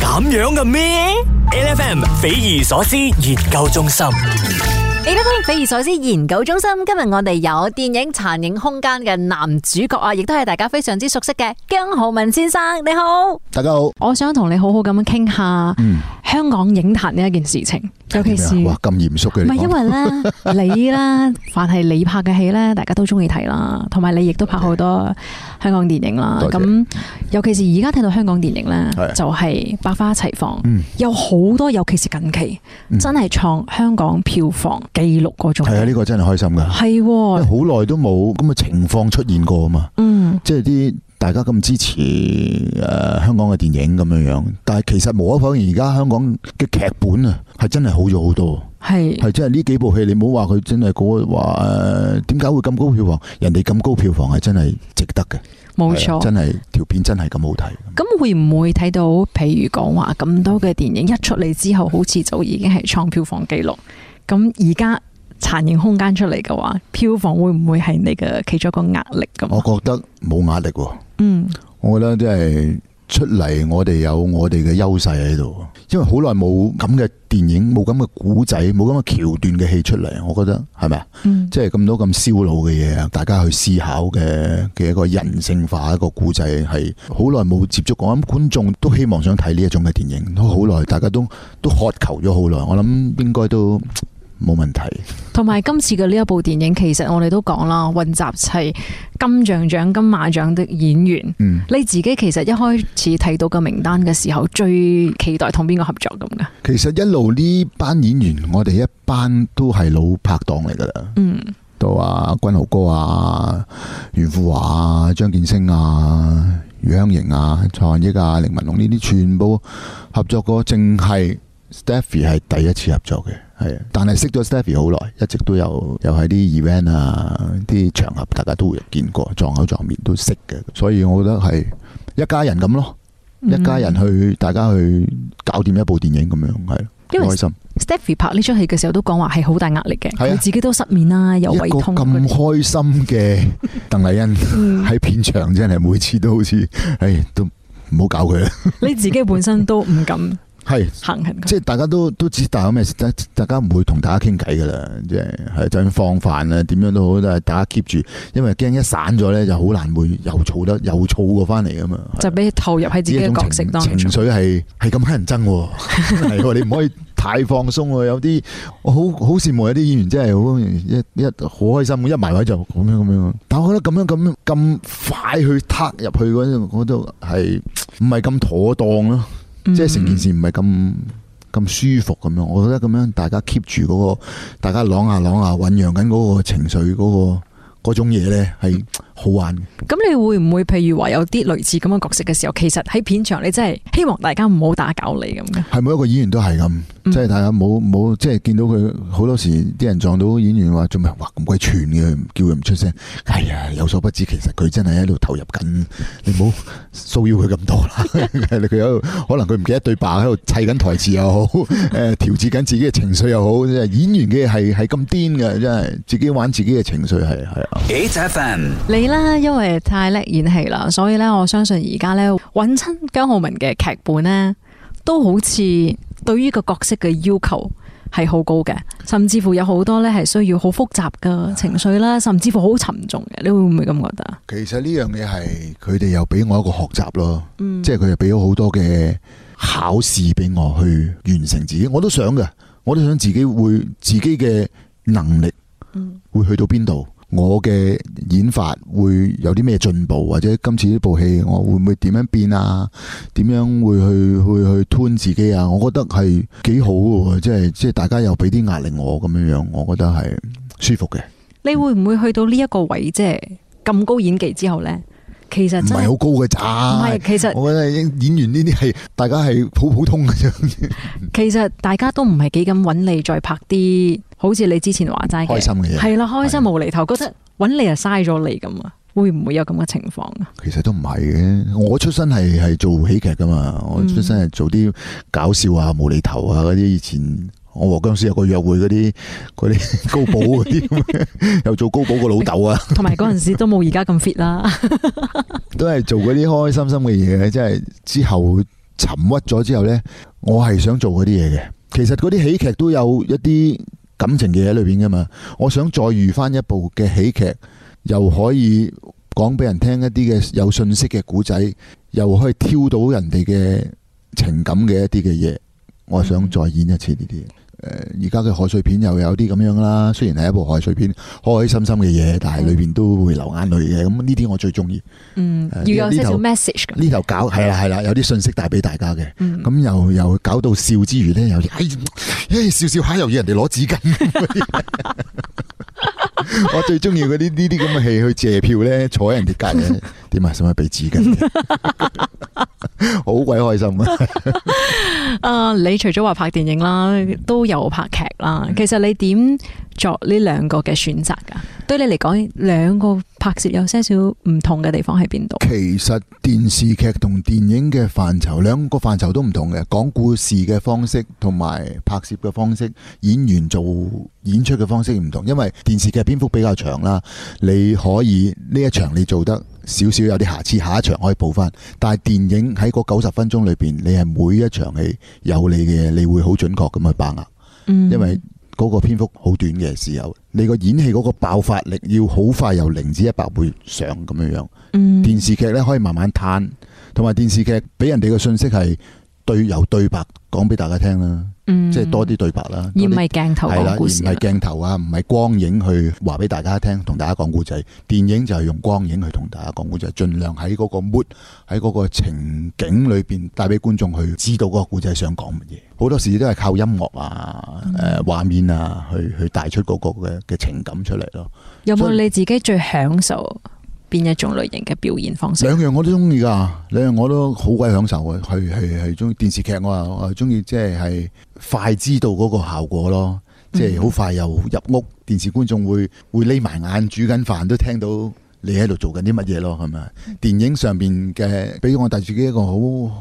咁樣嘅咩？L F M 匪夷所思研究中心。匪夷所思研究中心，今日我哋有電影《殘影空間》嘅男主角啊，亦都係大家非常之熟悉嘅姜皓文先生。你好，大家好。我想同你好好咁樣傾下、嗯、香港影壇呢一件事情，尤其是哇咁嚴肅嘅，唔係、啊、因為咧， 你咧，凡係你拍嘅戲咧，大家都中意睇啦，同埋你亦都拍好多香港電影啦。咁謝尤其是而家睇到香港電影咧，的就係百花齊放，嗯、有好多，尤其是近期真係創香港票房、嗯。紀錄係啊，呢、這個真係開心噶，係好耐都冇咁嘅情況出現過啊嘛，嗯，即係啲大家咁支持誒、呃、香港嘅電影咁樣樣，但係其實無可否認，而家香港嘅劇本啊係真係好咗好多，係係即係呢幾部戲，你唔好話佢真係嗰個話誒，點解會咁高票房？人哋咁高票房係真係值得嘅，冇錯錯，真係條片真係咁好睇。咁、嗯、會唔會睇到，譬如講話咁多嘅電影一出嚟之後，好似就已經係創票房記錄？咁而家殘影空間出嚟嘅話，票房會唔會係你嘅其中一個壓力咁、嗯？我覺得冇壓力喎。嗯，我覺得即係出嚟，我哋有我哋嘅優勢喺度。因為好耐冇咁嘅電影，冇咁嘅古仔，冇咁嘅橋段嘅戲出嚟，我覺得係咪啊？即係咁多咁燒腦嘅嘢啊，大家去思考嘅嘅一個人性化一個古仔，係好耐冇接觸過。我諗觀眾都希望想睇呢一種嘅電影，都好耐，大家都都渴求咗好耐。我諗應該都。冇問題，同埋今次嘅呢一部電影，其實我哋都講啦，混雜齊金像獎、金馬獎的演員。嗯，你自己其實一開始睇到個名單嘅時候，最期待同邊個合作咁噶？其實一路呢班演員，我哋一班都係老拍檔嚟噶啦。嗯，都話君豪哥啊、袁富華啊、張建升啊、余香瑩啊、蔡漢益啊、凌文龍呢啲，全部合作過，淨係 Stephy 係第一次合作嘅。係啊，但係識咗 Stephy 好耐，一直都有，又係啲 event 啊，啲場合，大家都會見過，撞口撞面都識嘅，所以我覺得係一家人咁咯，嗯、一家人去，大家去搞掂一部電影咁樣，係因為 開心。Stephy 拍呢出戲嘅時候都講話係好大壓力嘅，佢的自己都失眠啊，有胃痛。一個咁開心嘅鄧麗欣喺 片場真係，每次都好似，哎，都唔好搞佢啦。你自己本身都唔敢。 係，即係大家都都知大家咩事，大家唔會同大家傾偈噶啦，即係係盡量放飯啊，點樣都好，但係大家 keep 住，因為驚一散咗咧，就好難會又燥得又燥過翻嚟㗎嘛。就俾投入喺自己嘅角色當中，情緒係係咁乞人憎，係 你唔可以太放鬆。有啲我好好羨慕有啲演員，真係好一一好開心，一埋位就咁樣咁樣。但我覺得咁樣咁咁快去踏入去嗰，我都係唔係咁妥當咯。即係成件事唔係咁咁舒服咁樣，我覺得咁樣大家 keep 住嗰個，大家啷下啷下醞釀緊嗰個情緒嗰、嗰個嗰種嘢咧，係。嗯好玩咁，你會唔會譬如話有啲類似咁嘅角色嘅時候，其實喺片場你真係希望大家唔好打攪你咁嘅。係每一個演員都係咁，即係、um, 大家冇冇即係見到佢好多時啲人撞到演員話做咩？哇咁鬼串嘅，叫佢唔出聲。係啊，有所不知，其實佢真係喺度投入緊。你唔好騷擾佢咁多啦。佢喺度可能佢唔記得對白喺度砌緊台詞又好，誒調節緊自己嘅情緒又好。即係演員嘅係係咁癲嘅，真係自己玩自己嘅情緒，係係啊。啦，因為太叻演戲啦，所以咧，我相信而家咧，揾親姜皓文嘅劇本咧，都好似對於個角色嘅要求係好高嘅，甚至乎有好多咧係需要好複雜嘅情緒啦，甚至乎好沉重嘅，你會唔會咁覺得啊？其實呢樣嘢係佢哋又俾我一個學習咯，嗯、即係佢又俾咗好多嘅考試俾我去完成自己。我都想嘅，我都想自己會自己嘅能力會去到邊度。我嘅演法會有啲咩進步，或者今次呢部戲我會唔會點樣變啊？點樣會去會去去推自己啊？我覺得係幾好嘅，即係即係大家又俾啲壓力我咁樣樣，我覺得係舒服嘅。你會唔會去到呢一個位即係咁高演技之後呢？其實唔係好高嘅咋，唔、哎、其實我覺得演員呢啲係大家係普普通嘅啫。其實大家都唔係幾敢搵你再拍啲，好似你之前話齋開心嘅嘢，係啦，開心的無厘頭，覺得搵你啊嘥咗你咁啊，會唔會有咁嘅情況啊？其實都唔係嘅，我出身係係做喜劇噶嘛，我出身係做啲搞笑啊、無厘頭啊嗰啲以前。我和僵屍有個約會嗰啲，嗰啲高保嗰啲。 又做高保個老豆啊！同埋嗰陣時都冇而家咁 fit 啦， 都係做嗰啲開開心心嘅嘢，即係之後沉鬱咗之後呢，我係想做嗰啲嘢嘅。其實嗰啲喜劇都有一啲感情嘅嘢喺裏邊噶嘛。我想再遇翻一部嘅喜劇，又可以講俾人聽一啲嘅有信息嘅古仔，又可以挑到人哋嘅情感嘅一啲嘅嘢。我想再演一次呢啲。誒，而家嘅賀歲片又有啲咁樣啦，雖然係一部賀歲片，開開心心嘅嘢，但係裏邊都會流眼淚嘅。咁呢啲我最中意。嗯，要有少少 message。呢頭搞係啦係啦，有啲信息帶俾大家嘅。咁又又搞到笑之餘呢，又哎笑笑下又要人哋攞紙巾。 我最中意嗰啲呢啲咁嘅戲去謝票咧，坐喺人哋隔籬，點啊，使唔使俾紙巾？ 好鬼 開心啊！誒 、啊，你除咗話拍電影啦，都有拍劇啦。其實你點作呢兩個嘅選擇㗎，對你嚟講，兩個拍攝有些少唔同嘅地方喺邊度？其實電視劇同電影嘅範疇，兩個範疇都唔同嘅，講故事嘅方式同埋拍攝嘅方式、演員做演出嘅方式唔同。因為電視劇篇幅比較長啦，你可以呢一場你做得少少有啲瑕疵，下一場可以補翻。但係電影喺嗰九十分鐘裏邊，你係每一場戲有你嘅，你會好準確咁去把握，嗯、因為。個篇幅好短嘅時候，你個演戲個爆發力要好快由零至一百倍上咁樣樣，電視劇咧可以慢慢嘆，同埋電視劇俾人哋嘅信息係對有對白。講俾大家聽啦，即係多啲對白啦，而唔係鏡頭講故事，而唔係鏡頭啊，唔係光影去話俾大家聽，同、嗯、大家講故仔。電影就係用光影去同大家講故仔，盡量喺嗰個 mood，喺嗰個情景裏邊帶俾觀眾去知道嗰個故仔想講乜嘢。好多時都係靠音樂啊，誒、呃，畫面啊，去去帶出嗰、嗰個嘅嘅情感出嚟咯。嗯、所以，有冇你自己最享受邊一種類型嘅表現方式？兩樣我都中意噶，兩樣我都好鬼享受嘅。係係係，中意電視劇我啊，我中意即係快知道嗰個效果咯，即係好快又入屋。電視觀眾會會匿埋眼煮緊飯，都聽到你喺度做緊啲乜嘢咯，係咪？電影上邊嘅，俾我帶住自己一個好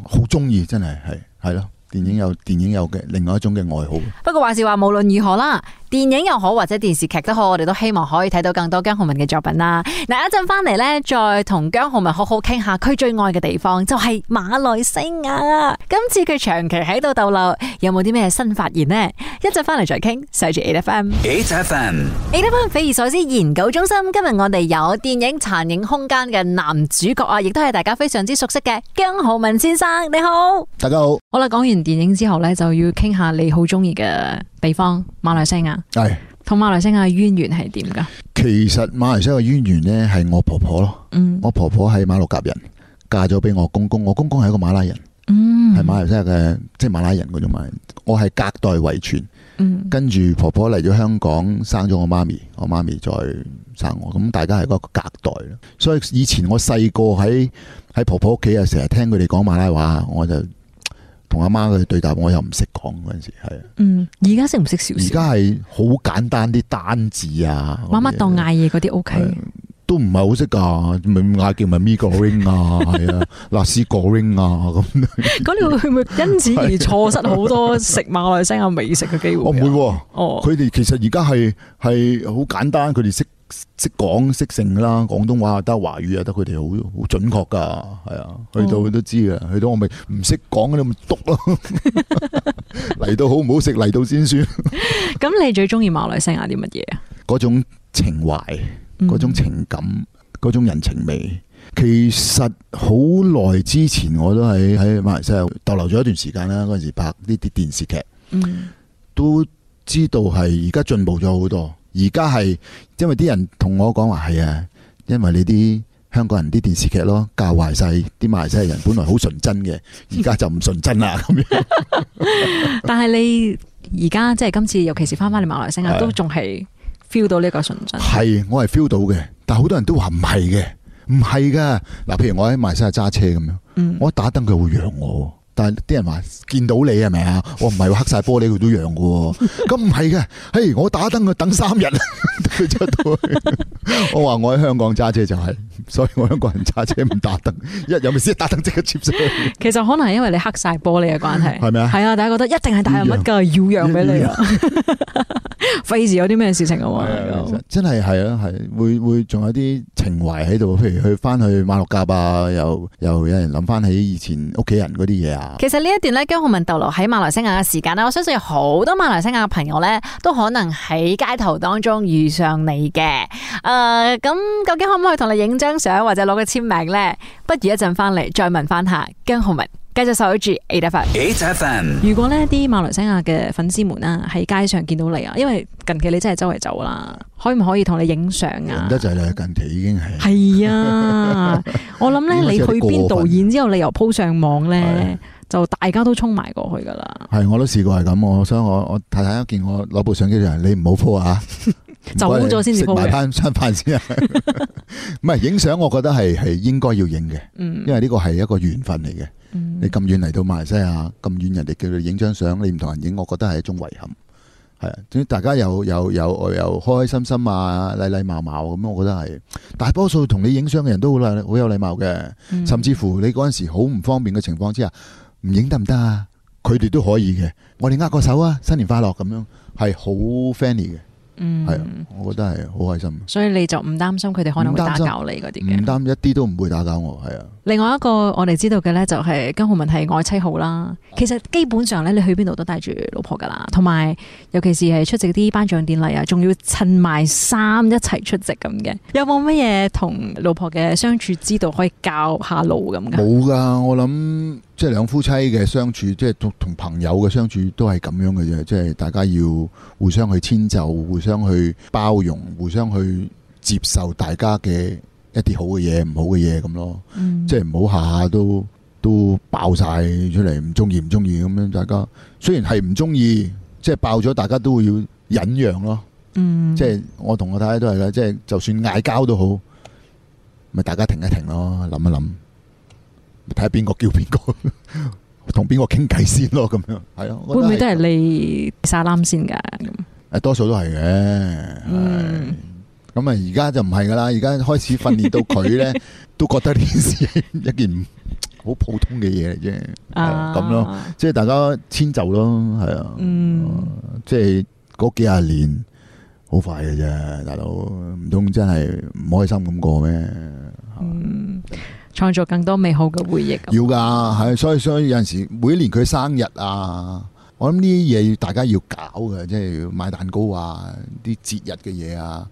好中意，真係係係咯。電影有電影有嘅另外一種嘅愛好。不過話時話，無論如何啦。電影又好或者電視劇都好，我哋都希望可以睇到更多姜浩文嘅作品啦。嗱，一陣翻嚟咧，再同姜浩文好好傾下，佢最愛嘅地方就係、是、馬來西亞。今次佢長期喺度逗留，有冇啲咩新發現呢？一陣翻嚟再傾。Sir，8FM，8FM，8FM。匪夷所思研究中心。今日我哋有電影《殘影空間》嘅男主角啊，亦都係大家非常之熟悉嘅姜浩文先生。你好，大家好。好啦，講完電影之後咧，就要傾下你好中意嘅。地方馬來西亞，係同馬來西亞嘅淵源係點噶？其實馬來西亞嘅淵源呢，係我婆婆咯，嗯，我婆婆喺馬六甲人，嫁咗俾我公公，我公公係一個馬拉人，嗯，係馬來西亞嘅即係馬拉人嗰種人，我係隔代遺傳，嗯，跟住婆婆嚟咗香港，生咗我媽咪，我媽咪再生我，咁大家係嗰個隔代，所以以前我細個喺喺婆婆屋企啊，成日聽佢哋講馬拉話，我就。同阿媽佢哋對答，我又唔識講嗰陣時係。嗯，而家識唔識少少？而家係好簡單啲單字啊，媽媽當嗌嘢嗰啲 OK。都唔係好識噶，咪嗌叫咪咪 goreng 啊，嗱 si goreng 啊咁。咁你會唔會因此而錯失好多食馬來西亞美食嘅機會？我唔會，哦，佢哋其實而家係係好簡單，佢哋識。識講識性啦，廣東話得，華語又得，佢哋好好準確噶，係啊，去到佢都知噶，哦、去到我咪唔識講嗰啲咪督咯。嚟、哦、 到好唔好食嚟到先算。咁 你最中意馬來西亞啲乜嘢啊？嗰 種情懷，嗰種情感，嗰、嗯、種人情味。其實好耐之前我都係喺馬來西亞逗留咗一段時間啦，嗰陣時拍呢啲電視劇，都知道係而家進步咗好多。而家係，因為啲人同我講話係啊，因為你啲香港人啲電視劇咯教壞晒啲馬來西亞人，本來好純真嘅，而家就唔純真啦咁樣 但。但係你而家即係今次，尤其是翻翻嚟馬來西亞，都仲係 feel 到呢個純真。係我係 feel 到嘅，但係好多人都話唔係嘅，唔係噶嗱。譬如我喺馬來西亞揸車咁樣，嗯、我一打燈佢會讓我。但啲人話見到你係咪啊？我唔係要黑晒玻璃佢都讓嘅喎，咁唔係嘅。嘿，我打燈佢等三日，佢出到。我話我喺香港揸車就係、是，所以我香港人揸車唔打燈，一有咪先打燈即刻接聲。 其實可能係因為你黑晒玻璃嘅關係，係咪啊？係啊，大家覺得一定係大人物㗎，要讓俾你啊。讓讓費事 有啲咩事情啊？對嗯、對真係係啊，係會會仲有啲情懷喺度，譬如去翻去馬六甲啊，又又有人諗翻起以前屋企人嗰啲嘢啊。其實呢一段咧，姜皓文逗留喺馬來西亞嘅時間咧，我相信好多馬來西亞嘅朋友咧，都可能喺街頭當中遇上你嘅。誒、呃，咁究竟可唔可以同你影張相或者攞個簽名咧？不如一陣翻嚟再問翻下姜皓文。繼續收住 eight FM，如果呢啲馬來西亞嘅粉絲們啦，喺街上見到你啊，因為近期你真係周圍走啦，可唔可以同你影相啊？一就近期已經係係 啊，我諗咧你，你去邊度，演之後你又鋪上網咧，的就大家都衝埋過去噶啦。係我都試過係咁，我想我我太太一見我攞部相機就你唔好鋪啊， 走咗先至鋪埋唔係影相， 我覺得係係應該要影嘅，因為呢個係一個緣分嚟嘅。你咁遠嚟到馬來西亞，咁遠人哋叫你影張相，你唔同人影，我覺得係一種遺憾，係啊。大家又又又又開開心心啊，禮禮貌貌咁，我覺得係。大多數同你影相嘅人都好禮，好有禮貌嘅。甚至乎你嗰陣時好唔方便嘅情況之下，唔影得唔得啊？佢哋都可以嘅，我哋握個手啊，新年快樂咁樣，係好 friendly 嘅。嗯，係啊，我覺得係好開心。所以你就唔擔心佢哋可能會打攪你嗰啲嘅？唔擔心，一啲都唔會打攪我，係啊。另外一個我哋知道嘅咧，就係姜皓文係愛妻號啦。其實基本上咧，你去邊度都帶住老婆噶啦，同埋尤其是係出席啲頒獎典禮啊，仲要襯埋衫一齊出席咁嘅。有冇乜嘢同老婆嘅相處之道可以教下路咁嘅？冇噶，我諗。即係兩夫妻嘅相處，即係同朋友嘅相處都係咁樣嘅啫。即係大家要互相去遷就，互相去包容，互相去接受大家嘅一啲好嘅嘢，唔好嘅嘢咁咯。嗯、即係唔好下下都都爆曬出嚟，唔中意唔中意咁樣。大家雖然係唔中意，即係爆咗，大家都會要忍讓咯。嗯、即係我同我太太都係啦，即係就算嗌交都好，咪大家停一停咯，諗一諗。睇下邊個叫邊個、啊，同邊個傾偈先咯，咁樣係咯。會唔會都係你撒啱先噶？誒、嗯，多數都係嘅，係。咁啊，而家就唔係噶啦，而家開始訓練到佢咧，都覺得呢件事一件好普通嘅嘢嚟啫。咁、啊、咯，即係大家遷就咯，係啊、嗯、啊，即係嗰幾廿年好快嘅啫，大佬，唔通真係唔開心咁過咩？嗯嗯。創造更多美好嘅回憶，要噶係，所以所以有陣時每年佢生日啊，我諗呢啲嘢，要大家要搞嘅，即係要買蛋糕啊，啲節日嘅嘢啊，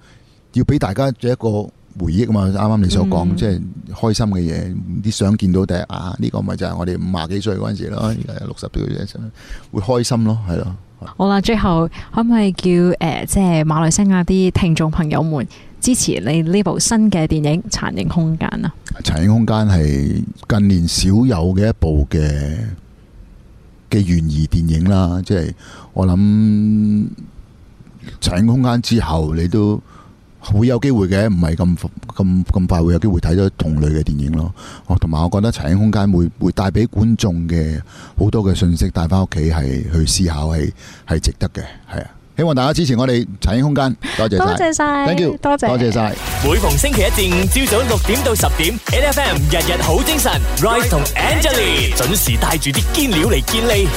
要俾大家做一個回憶啊嘛。啱啱你所講，嗯、即係開心嘅嘢，啲相見到第一，呢個咪就係我哋五廿幾歲嗰陣時咯，而家六十幾歲就，會開心咯，係咯。好啦，最後可唔可以叫誒、呃，即係馬來西亞啲聽眾朋友們？支持你呢部新嘅電影《殘影空間》啊！《殘影空間》係近年少有嘅一部嘅嘅懸疑電影啦，即係我諗《殘影空間》之後，你都會有機會嘅，唔係咁咁咁快會有機會睇到同類嘅電影咯。哦，同埋我覺得《殘影空間》會會帶俾觀眾嘅好多嘅信息帶翻屋企係去思考係係值得嘅，係啊。希望大家支持我哋陳興空間，多謝晒，thank you，多謝多謝晒。每逢星期一至五朝早六點到十點，NFM 日日好精神，Rise 同 Angelina 準時帶住啲堅料嚟健力。